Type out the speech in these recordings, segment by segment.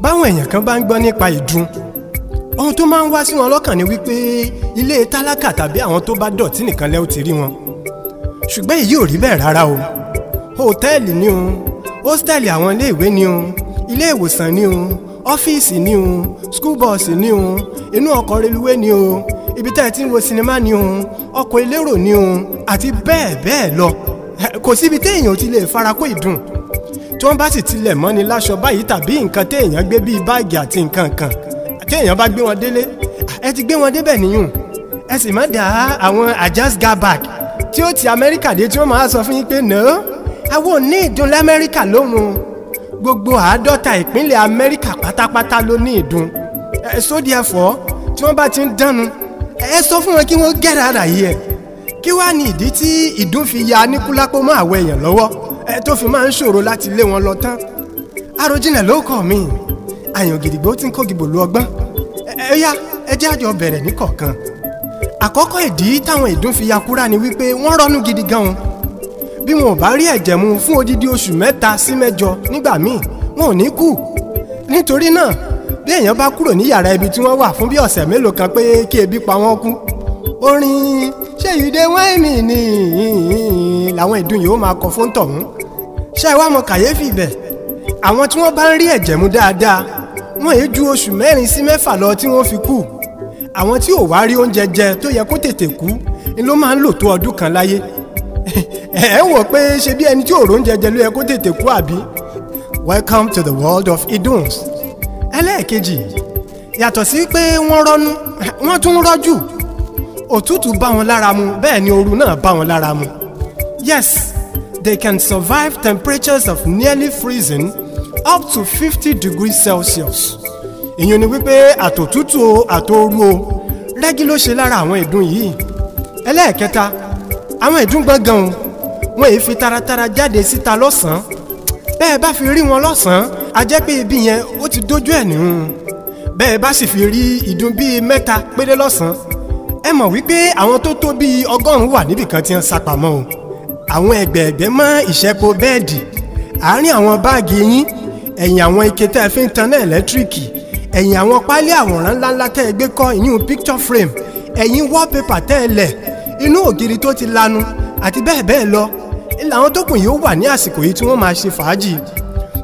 báwọn èèyàn kan bá ń gbọ́ nípa ìdun ohun tó máa ń wá sí wọn lọ́kàn ni wípé ilé tálákà tàbí àwọn tó bá dọ̀tí nìkan lẹ́ ti rí wọn ṣùgbọ́n èyí ò rí bẹ́ẹ̀ rárá o hòtẹ́ẹ̀lì ni o hóstẹ́ẹ̀lì àwọn iléèwé ni o ilé ìwòsàn ni o ọ́fíìsì ni o skul bọ́ọ̀sì ni o inú ọkọ̀ reluwé ni o ibi tá ẹ ti ń wo sinimá ni o ọkọ̀ elérò ni o àti bẹ́ẹ̀ bẹ́ẹ̀ lọ kò síbi téèyàn ti lè farakó ìdùn tí wọ́n bá sì tilẹ̀ mọ́ni láṣọ báyìí tàbí nǹkan téèyàn gbé bíi báàgì àti nǹkan kan téèyàn bá gbé wọn délé ẹ ti gbé wọn débẹ̀ níyùn ẹ sì má dá àwọn ajas gabag tí ó ti amẹ́ríkà dé tí wọ́n máa sọ fún yín pé nà ó àwọn ò ní ìdun lamẹ́ríkà lóhun gbogbo àádọ́ta ìpínlẹ̀ amẹ́ríkà pátápátá ló ní ìdun ẹ sóde ẹ̀fọ́ tí wọ́n bá ti ń dánu ẹ sọ fún wọn kí wọ́n gẹ́ra ara yìí ẹ kí wàá ní ìdí tí ìdun fi ya níkúlápó mọ́ àwọn èèyàn lọ́wọ́ ẹ tó fi máa ń ṣòro láti lé wọn lọ tán Arojinlẹ̀ ló kọ mi àyàn gidigbo tí ń kó gìbò lu ọgbọ́n ẹ yá ẹ jẹ́ àjọ bẹ̀rẹ̀ ní kọ̀ọ̀kan ìdí táwọn ìdún fi yakura ni wípé wọ́n rọ́nú gidi gan o bí wọn ò bá rí ẹ̀jẹ̀ mu fún odidi oṣù mẹ́ta sí mẹ́jọ nígbà míì wọn ò ní kú nítorí náà bí èèyàn bá kúrò ní yàrá ibi tí wọ́n wà fún bí ọ̀sẹ̀ mélòó kan pé kí ebi pa wọ́n kú orin ṣé ìdè wáìnì nìyí làwọn ìdun yìí ó máa kọ fún tọ̀hún ṣé ẹ wá mọ kàyéfì bẹ̀ àwọn tí wọ́n bá ń rí ẹ̀jẹ̀ mú dáadáa wọ́n èé ju oṣù mẹ́rin sí mẹ́fà lọ tí wọ́n fi kú àwọn tí ò wá rí oúnjẹ jẹ tó yẹ kó tètè kú ni ló máa ń lò tó ọdún kan láyé ẹ ẹ wò pé ṣe bí ẹni tí ò róúnjẹ jẹ ló yẹ kó tètè kú àbí. Welcome to the world of iduns ẹlẹ́ẹ̀kejì yàtọ̀ sí pé wọ́n rọ́nú wọ́n tún rọ́jú òtútù bá wọn lára mu bẹ́ẹ̀ ni ooru náà bá wọn lára mu Yes, they can survive temperatures of nearly freezing up to fifty degrees Celsius. Ìyẹn ni wípé àtòtútù àtòoru o rẹ́gí ló ṣe lára àwọn ìdun yìí. Ẹlẹ́ẹ̀kẹta àwọn ìdun gbọ̀ngàn o wọn èyí fi taratara jáde síta lọ́sàn-án bẹ́ẹ̀ bá fi rí wọn lọ́sàn-án a jẹ́ pé ibi yẹn ó ti dójú ẹ̀ nìhun bẹ́ẹ̀ bá sì fi rí ìdun bíi mẹ́ta péré lọ́sàn-án ẹ mọ̀ wípé àwọn tó tó bíi ọgọ́rùn-ún wà níbìkan tí wọ́n sá o àwọn ẹ̀gbẹ̀ẹ̀gbẹ́ mọ́ ìṣẹ́po bẹ́ẹ̀dì àárín àwọn báàgì yín ẹ̀yìn àwọn ike tẹ́ ẹ fi ń taná ẹ̀lẹ́tíríkì ẹ̀yìn àwọn pálí àwòrán ńláńlá tẹ́ ẹ gbé kọ́ ìyún picture frame ẹ̀yìn wallpaper tẹ́ ẹ lẹ̀ inú ògiri tó ti lanu àti bẹ́ẹ̀ bẹ́ẹ̀ lọ làwọn tó kù yìí ó wà ní àsìkò yìí tí wọ́n máa ṣe fàájì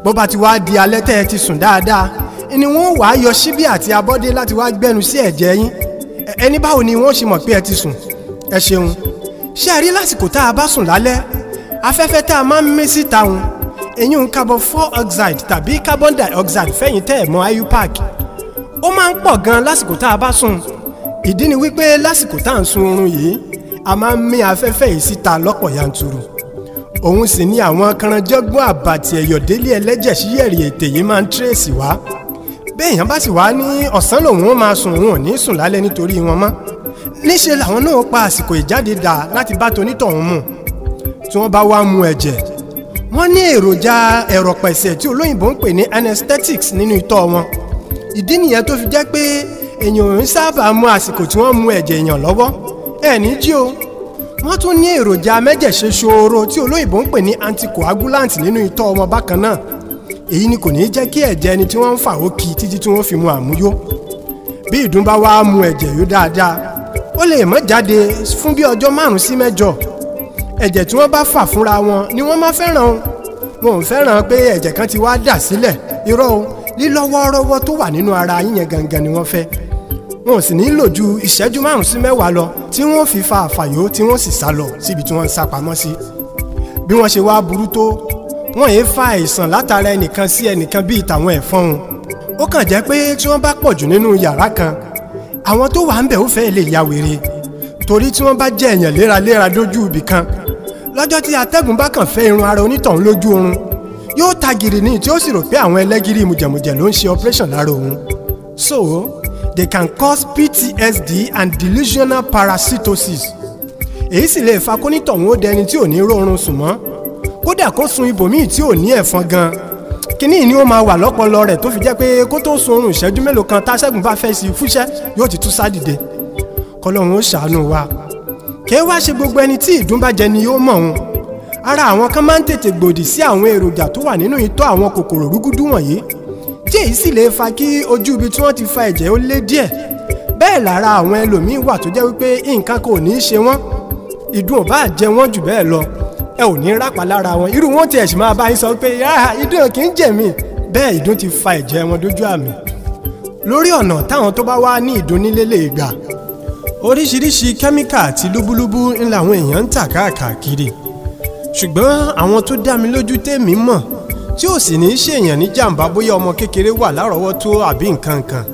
bó bá ti wá di alẹ́ tẹ́ ẹ ti sùn dáadáa ni wọ́n wàá yọ síbí àti abọ́dé láti wá gbẹ́nu sí ẹ̀jẹ̀ yín ẹni báwo ni wọ́n ṣe mọ̀ pé ẹ ti sùn ẹ ṣeun ṣé ẹ rí lásìkò tá a bá sùn lálẹ́ afẹ́fẹ́ tá a máa ń mí síta òun èyí ń carbon four oxide tàbí carbon dioxide fẹ̀yìn tẹ́ ẹ̀ mọ́ IUPAC ó máa ń pọ̀ gan lásìkò tá a bá sùn ìdí ni wípé lásìkò tá à ń sun oorun yìí a máa ń mí afẹ́fẹ́ yìí síta lọ́pọ̀ yanturu òun sì ni àwọn kanranjọ́gbọ́n àbàtì ẹ̀yọ̀délé ẹlẹ́jẹ̀ síyẹ̀rì ètè yìí máa ń tírèsì wá béèyàn bá sì wá ní ọ̀sán lòun ó máa sùn òun ò ní sùn lálẹ́ nítorí wọn mọ́ níṣẹ́ làwọn náà pa àsìkò ìjáde dà láti bá tonítọ̀hún mu tí wọ́n bá wá mu ẹ̀jẹ̀ wọ́n ní èròjà ẹ̀rọ̀ pẹ̀sẹ̀ tí olóyìnbó ń pè ní anesthetics nínú itọ́ wọn ìdí nìyẹn tó fi jẹ́ pé èèyàn ò ń sábà mu àsìkò tí wọ́n mu ẹ̀jẹ̀ èèyàn lọ́wọ́ ẹ̀ ní jí o wọ́n tún ní èròjà mẹ́jẹ̀ṣe ṣòro tí olóyìnbó ń pè ní anticoagulant nínú itọ́ wọn bákan náà èyí ni kò ní jẹ́ kí ẹ̀jẹ̀ ẹni tí wọ́n ń fà ó kì títí tí wọ́n fi mu àmúyó bí ìdun bá mu ẹ̀jẹ̀ yó dáadáa ó lè má jáde fún bí ọjọ́ márùn-ún sí mẹ́jọ ẹ̀jẹ̀ tí wọ́n bá fà fúnra wọn ni wọ́n máa fẹ́ràn o wọn ò fẹ́ràn pé ẹ̀jẹ̀ kan ti wá dà sílẹ̀ irọ́ o lílọ́wọ́rọ́wọ́ tó wà nínú ara yín gangan ni wọ́n fẹ́ wọn ò sì ní lò ju ìṣẹ́jú márùn-ún sí mẹ́wàá lọ tí wọ́n fi fa àfàyò tí wọ́n sì sá lọ síbi tí wọ́n ń sá pamọ́ sí. bí wọ́n ṣe wá burú tó wọ́n yéé fa àìsàn látara ẹnìkan sí ẹnìkan bíi tàwọn ẹ̀fọn o. ó kàn jẹ́ pé tí wọ́n bá pọ̀ nínú yàrá kan àwọn tó wà ń bẹ̀ ó fẹ́ lè ya wèrè torí tí wọ́n bá jẹ́ èèyàn léraléra lójú ibì lọ́jọ́ tí atẹ́gùn bá kàn fẹ́ irun ara onítọ̀hún lójú oorun yóò ta gìrì ní tí ó sì rò pé àwọn ẹlẹ́gìrì mùjẹ̀mùjẹ̀ ló ń ṣe operation lára òun so they can cause PTSD and delusional parasitosis èyí sì lè fa kónítọ̀hún ó dẹni tí ò ní rórun sùn mọ́ kódà kó sun ibòmíì tí ò ní ẹ̀fọn gan-an kíní ni ó máa wà lọ́pọlọ rẹ̀ tó fi jẹ́ pé kó tó sunrun ìṣẹ́jú mélòó kan táṣẹ́gun bá fẹ́ sí fúnṣẹ́ yóò ti tún sádìde kọlọ́run ó ṣàánú wa kí wá ṣe gbogbo ẹni tí ìdun ni yóò mọ̀ wọn ara àwọn kan máa ń tètè gbòdì sí àwọn èròjà tó wà nínú itọ́ àwọn kòkòrò rúgúdú wọ̀nyí tí èyí sì lè fa kí ojú ibi tí wọ́n ti fa ẹ̀jẹ̀ ó lé díẹ̀ bẹ́ẹ̀ lára àwọn ẹlòmíín wà tó jẹ́ wípé nǹkan kò ní í ṣe wọ́n ìdun ò bá jẹ wọ́n jù bẹ́ẹ̀ lọ ẹ ò ní rápa lára wọn irú wọn tiẹ̀ sì máa bá yín sọ pé ìdùn kì í jẹ̀ mí bẹ́ẹ̀ ìdùn ti fa ẹ̀jẹ̀ wọn dójú àmì lórí ọ̀nà táwọn tó bá wá ní ìdùn nílé lè gbà oríṣiríṣi kẹ́míkà àti lúbúlúbú ńlá àwọn èèyàn ń tà káàkiri ṣùgbọ́n àwọn tó dá mi lójú tèmi mọ̀ tí ò sì ní í ṣèèyàn ní jàǹbá bóyá ọmọ kékeré wà lárọ̀ọ́wọ́tó àbí nǹkan kan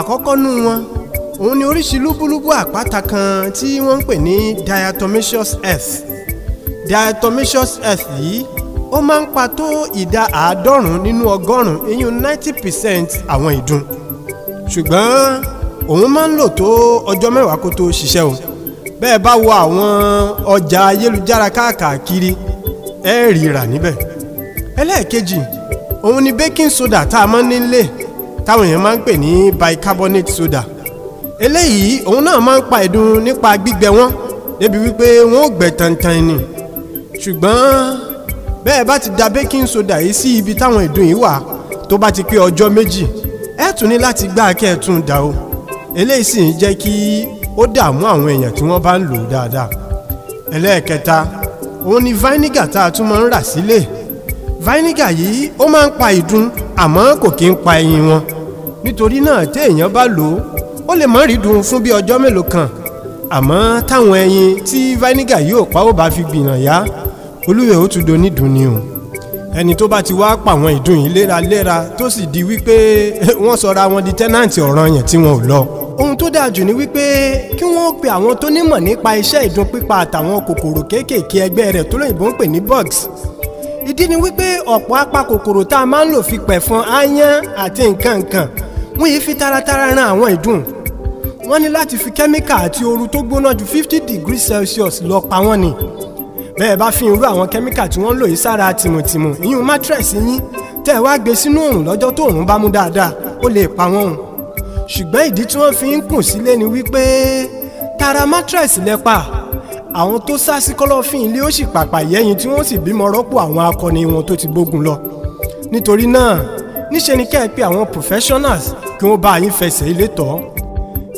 àkọ́kọ́ nú wọn òun ni oríṣi lúbúlúbú àpáta kan tí wọ́n ń pè ní diatomaceous earth diatomaceous earth yìí ó máa ń pa tó ìdá àádọ́rùn-ún nínú ọgọ́rùn-ún iyún ninety percent àwọn ìdun ṣùgbọ́n òun máa ń lò tó ọjọ́ mẹ́wàá kó tó ṣiṣẹ́ o bẹ́ẹ̀ bá wo àwọn ọjà ayélujára káàkiri ẹ rí rà níbẹ̀ ẹlẹ́ẹ̀kejì òun ni baking soda tá a máa ń nílé táwọn èèyàn máa ń pè ní bicarbonate soda eléyìí òun náà máa ń pa ìdun nípa gbígbẹ wọn débi wípé wọn ò gbẹ tantan ni ṣùgbọ́n bẹ́ẹ̀ bá ti da baking soda yìí sí ibi táwọn ìdun yìí wà tó bá ti pé ọjọ́ méjì ẹ tún ní láti gbá kẹ́ẹ̀tún dà o eléyìí sì ń jẹ́ kí ó dààmú àwọn èèyàn tí wọ́n bá ń lò ó dáadáa ẹlẹ́ẹ̀kẹta òun ni vinegar tá a tún máa ń rà sílé vinegar yìí ó máa ń pa ìdun àmọ́ kò kí ń pa ẹyin wọn nítorí náà téèyàn bá lò ó ó lè má rí dùn fún bí ọjọ́ mélòó kan àmọ́ táwọn ẹyin tí vinegar yóò pa ó bá fi gbìnà ya, olúwe ó tún do nídùn ni o ẹni tó bá ti wá pa àwọn ìdùn yìí léraléra tó sì di wípé wọ́n sọra wọn di tẹ́nàǹtì ọ̀ràn yẹn tí wọn ò lọ ohun tó dáa jù ni wípé kí wọ́n pe àwọn tó nímọ̀ nípa iṣẹ́ ìdun pípa àtàwọn kòkòrò kéékèèké ẹgbẹ́ rẹ̀ tó lóyìnbó ń pè ní bugs ìdí ni wípé ọ̀pọ̀ apakòkòrò tá a máa ń lò fi pẹ̀fọn aáyán àti nǹkan nǹkan wọ́n yìí fi taratara ran àwọn ìdun wọ́n ní láti fi kẹ́míkà àti ooru tó gbóná ju fifty degrees celsius lọ pa wọ́n ni bẹ́ẹ̀ bá fi irú àwọn kẹ́míkà tí wọ́n ń lò yìí sára tìmùtìmù ìyún mátírẹ̀sì yín tẹ́ ẹ wá gbé sínú òrùn lọ́jọ́ tó òrùn bá mú dáadáa ó lè pa wọ́n o ṣùgbọ́n ìdí tí wọ́n fi ń kùn sílé ni wípé tara mátírẹ̀sì lẹ́pa àwọn tó sá sí kọ́lọ́fín ilé ó sì pàpà yẹ́yìn tí wọ́n sì bímọ rọ́pò àwọn akọni wọn tó ti gbógun lọ nítorí náà níṣe ni kẹ́ ẹ pé àwọn professionals kí wọ́n bá yín fẹsẹ̀ ilé tọ́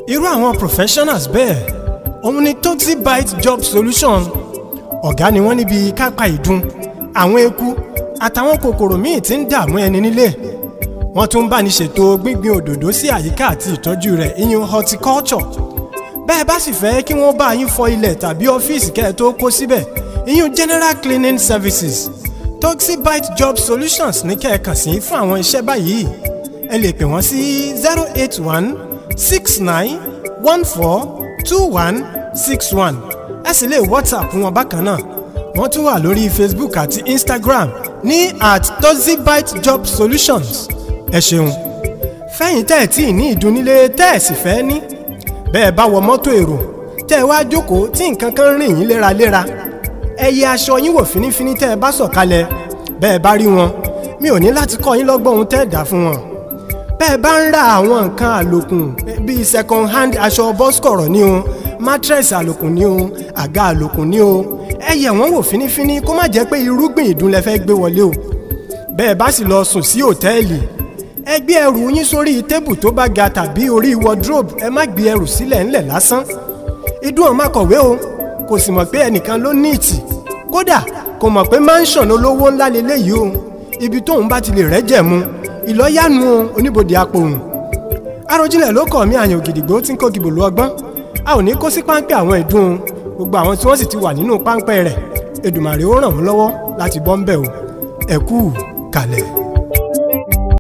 irú àwọn professionals bẹ́ẹ̀ òun ni Totsi Bite Job Solution ọ̀gá ni wọ́n níbi kápá ìdun àwọn eku àtàwọn kòkòrò míì tí ń dààmú ẹni nílé wọ́n tún ń bá ní ṣètò gbíngbin òdòdó sí àyíká àti ìtọ́jú rẹ̀ ìyún horticulture bẹ́ẹ̀ bá sì fẹ́ kí wọ́n bá yín fọ ilẹ̀ tàbí ọ́fíìsì kẹ́ tó kó síbẹ̀ ìyún general cleaning services Totsi Bite Job Solutions ní kẹ́ ẹ kàn sí fún àwọn iṣẹ́ báyìí ẹ lè pè wọ́n sí zero eight one six nine one four two one six one ẹ sì lè whatsapp wọn bákan náà wọ́n tún wà lórí facebook àti instagram ní at tozibite job solutions ẹ ṣeun fẹ́yìn tẹ́ ẹ̀ tí ì ní ìdúnnilé tẹ́ ẹ̀ sì fẹ́ ní bẹ́ẹ̀ bá wọ mọ́tò èrò tẹ́ ẹ wá jókòó tí nǹkan kan rìn yín léraléra ẹ yẹ aṣọ yín wò fínífíní tẹ́ ẹ bá sọ̀kalẹ̀ bẹ́ẹ̀ bá rí wọn mi ò ní láti kọ́ yín lọ́gbọ́n ohun tẹ́ ẹ̀ dá fún wọn bẹ́ẹ̀ bá ń ra àwọn nǹkan àlòkù bíi second hand aṣọ bọ́sùkọ̀rọ̀ ni o mattress àlòkù ni o àga àlòkù ni o ẹ yẹ̀ wọ́n wò fínífíní kó má jẹ́ pé irúgbìn ìdúnlẹ̀ fẹ́ gbé wọlé o bẹ́ẹ̀ bá sì lọ sùn sí òtẹ́ẹ̀lì ẹ gbé ẹrù yín sórí tébù tó bá ga tàbí orí wardrobe ẹ má gbé ẹrù sílẹ̀ ńlẹ̀ lásán idun ọ̀ma kọ̀wé o kò sì mọ̀ pé ẹnìkan ló ní ìtì kódà kò mọ̀ pé mansion olówó ńlá leléyìí o ibi tóun bá ti lè rẹ́jẹ̀ mu ìlọ́yàánu oníbodè apohùn Àròjinlẹ̀ ló kọ̀ mí àyàn ògìdìgbò tí ń kó gìbò lu ọgbọ́n a ò ní kó sí páńpẹ́ àwọn ìdun gbogbo àwọn tí wọ́n sì ti wà nínú páńpẹ́ rẹ̀ Èdùmàrè ó ràn wọ́n lọ́wọ́ láti bọ́ ń bẹ̀ o ẹ kú